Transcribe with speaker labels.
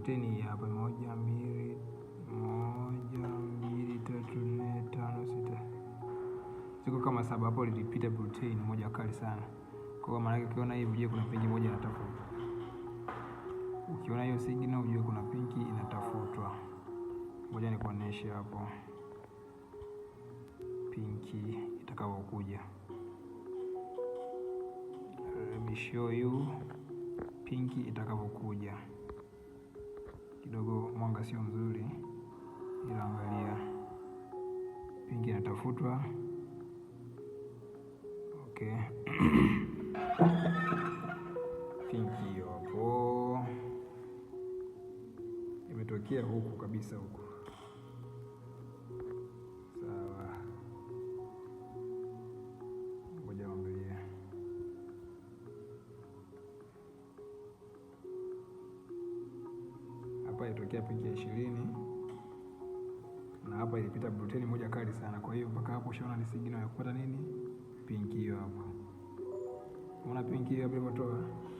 Speaker 1: Vuteni hapa, moja mbili, moja mbili, tatu, nne, tano, sita, ziko kama saba hapo. Lilipita protein moja kali sana, kwa maana yake ukiona hii ujue kuna pinki moja inatafutwa. Ukiona hiyo signal ujue kuna pinki inatafutwa. Ngoja nikuoneshe hapo pinki itakapokuja. Let me show you pinki itakavyokuja kidogo mwanga sio mzuri, ila angalia pingi inatafutwa. Okay, pingi hiyo hapo imetokea huku kabisa, huku hapa ilitokea piki ya ishirini na hapa ilipita bruteni moja kali sana. Kwa hiyo mpaka hapo ushaona ni signal ya kupata nini, pinki hiyo hapo. Unaona pinki hiyo hapo ilivyotoa